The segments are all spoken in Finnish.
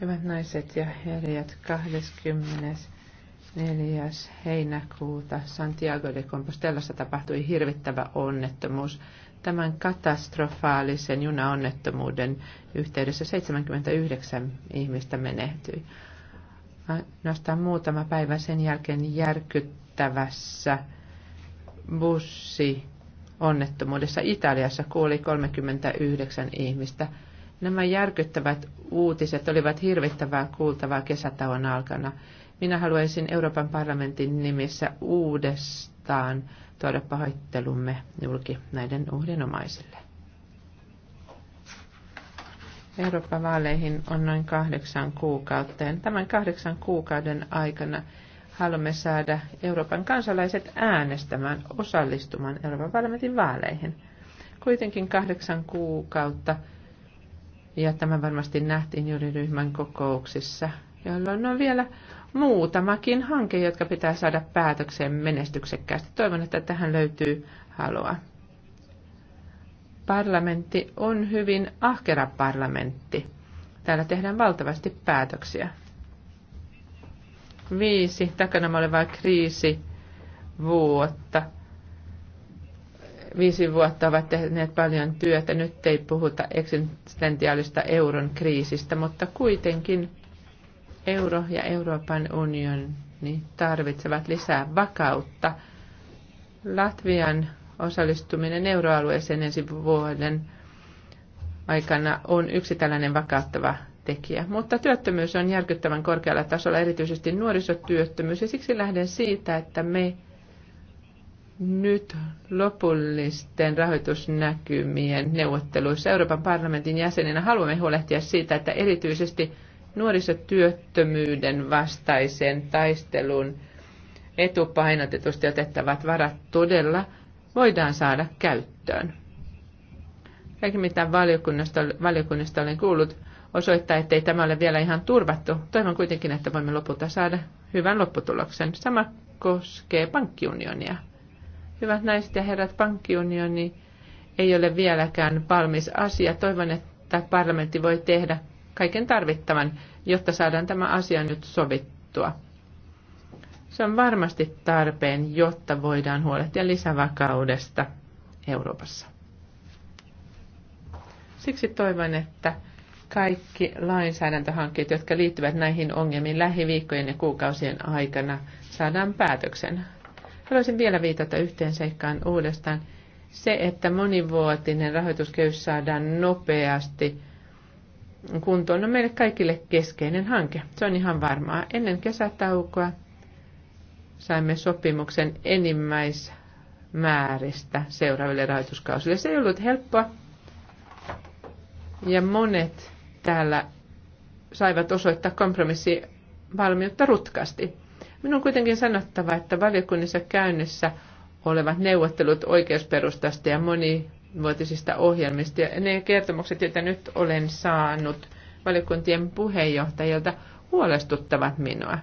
Hyvät naiset ja herjat, 24. heinäkuuta Santiago de Compostelassa tapahtui hirvittävä onnettomuus. Tämän katastrofaalisen junaonnettomuuden yhteydessä 79 ihmistä menehtyi. Nostan muutama päivä sen jälkeen järkyttävässä bussi onnettomuudessa Italiassa kuoli 39 ihmistä. Nämä järkyttävät uutiset olivat hirvittävää kuultavaa kesätauon alkana. Minä haluaisin Euroopan parlamentin nimissä uudestaan tuoda pahoittelumme julki näiden uhrinomaisille. Euroopan vaaleihin on noin kahdeksan kuukautta. Tämän kahdeksan kuukauden aikana haluamme saada Euroopan kansalaiset äänestämään, osallistumaan Euroopan parlamentin vaaleihin. Kuitenkin kahdeksan kuukautta – ja tämä varmasti nähtiin juuri ryhmän kokouksissa, jolloin on vielä muutamakin hanke, jotka pitää saada päätökseen menestyksekkäästi. Toivon, että tähän löytyy halua. Parlamentti on hyvin ahkera parlamentti. Täällä tehdään valtavasti päätöksiä. Viisi takana olevaa kriisi vuotta – viisi vuotta ovat tehneet paljon työtä. Nyt ei puhuta eksistentiaalista euron kriisistä, mutta kuitenkin euro ja Euroopan unioni tarvitsevat lisää vakautta. Latvian osallistuminen euroalueeseen ensi vuoden aikana on yksi tällainen vakauttava tekijä. Mutta työttömyys on järkyttävän korkealla tasolla, erityisesti nuorisotyöttömyys, ja siksi lähden siitä, että me nyt lopullisten rahoitusnäkymien neuvotteluissa Euroopan parlamentin jäsenenä haluamme huolehtia siitä, että erityisesti nuorisotyöttömyyden vastaisen taistelun etupainotetusti otettavat varat todella voidaan saada käyttöön. Kaikki mitä valiokunnasta, valiokunnasta olen kuullut osoittaa, ettei tämä ole vielä ihan turvattu. Toivon kuitenkin, että voimme lopulta saada hyvän lopputuloksen. Sama koskee pankkiunionia Hyvät naiset ja herrat, pankkiunioni ei ole vieläkään valmis asia. Toivon, että parlamentti voi tehdä kaiken tarvittavan, jotta saadaan tämä asia nyt sovittua. Se on varmasti tarpeen, jotta voidaan huolehtia lisävakaudesta Euroopassa. Siksi toivon, että kaikki lainsäädäntöhankkeet, jotka liittyvät näihin ongelmiin lähiviikkojen ja kuukausien aikana, saadaan päätöksen. Haluaisin vielä viitata yhteen seikkaan uudestaan. Se, että monivuotinen rahoituskehys saadaan nopeasti kuntoon, on meille kaikille keskeinen hanke. Se on ihan varmaa. Ennen kesätaukoa saimme sopimuksen enimmäismääristä seuraaville rahoituskausille. Se ei ollut helppoa. Ja monet täällä saivat osoittaa kompromissivalmiutta valmiutta rutkasti. Minun on kuitenkin sanottava, että valiokunnissa käynnissä olevat neuvottelut oikeusperustasta ja monivuotisista ohjelmista ja ne kertomukset, joita nyt olen saanut valiokuntien puheenjohtajilta, huolestuttavat minua.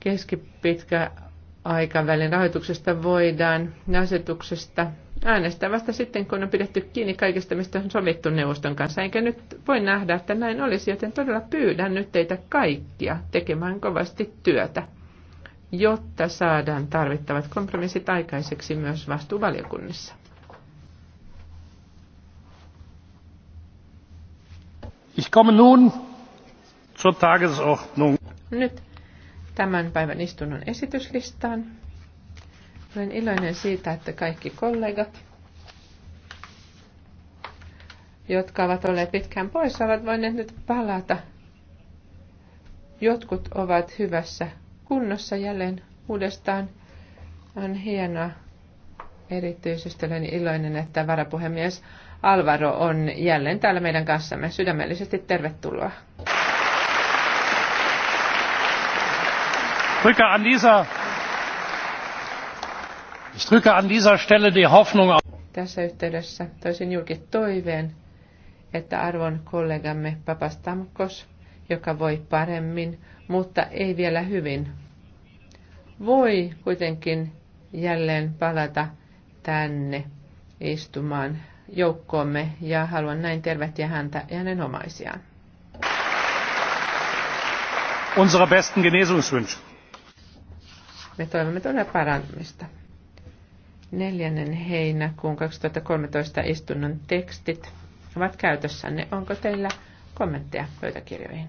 Keskipitkä aikavälin rahoituksesta voidaan asetuksesta äänestää vasta sitten, kun on pidetty kiinni kaikesta, mistä on sovittu neuvoston kanssa. Enkä nyt voi nähdä, että näin olisi, joten todella pyydän nyt teitä kaikkia tekemään kovasti työtä, jotta saadaan tarvittavat kompromissit aikaiseksi myös vastuuvaliokunnissa. Ich komme nun zur Tagesordnung. Nyt tämän päivän istunnon esityslistaan. Olen iloinen siitä, että kaikki kollegat, jotka ovat olleet pitkään poissa, ovat voineet nyt palata. Jotkut ovat hyvässä kunnossa jälleen uudestaan. On hienoa. Erityisesti olen iloinen, että varapuhemies Alvaro on jälleen täällä meidän kanssamme. Sydämellisesti tervetuloa. Brücke an dieser Ich drücke an dieser Stelle die Hoffnung auf. Tässä yhteydessä toisin julki toiveen, että arvon kollegamme Papastamkos, joka voi paremmin, mutta ei vielä hyvin, voi kuitenkin jälleen palata tänne istumaan joukkoomme ja haluan näin tervehtiä häntä ja hänen omaisiaan. Unsere besten Genesungswünsche. Me toivomme todella parantamista. 4. heinäkuun 2013 istunnon tekstit ovat käytössänne. Onko teillä kommentteja pöytäkirjoihin?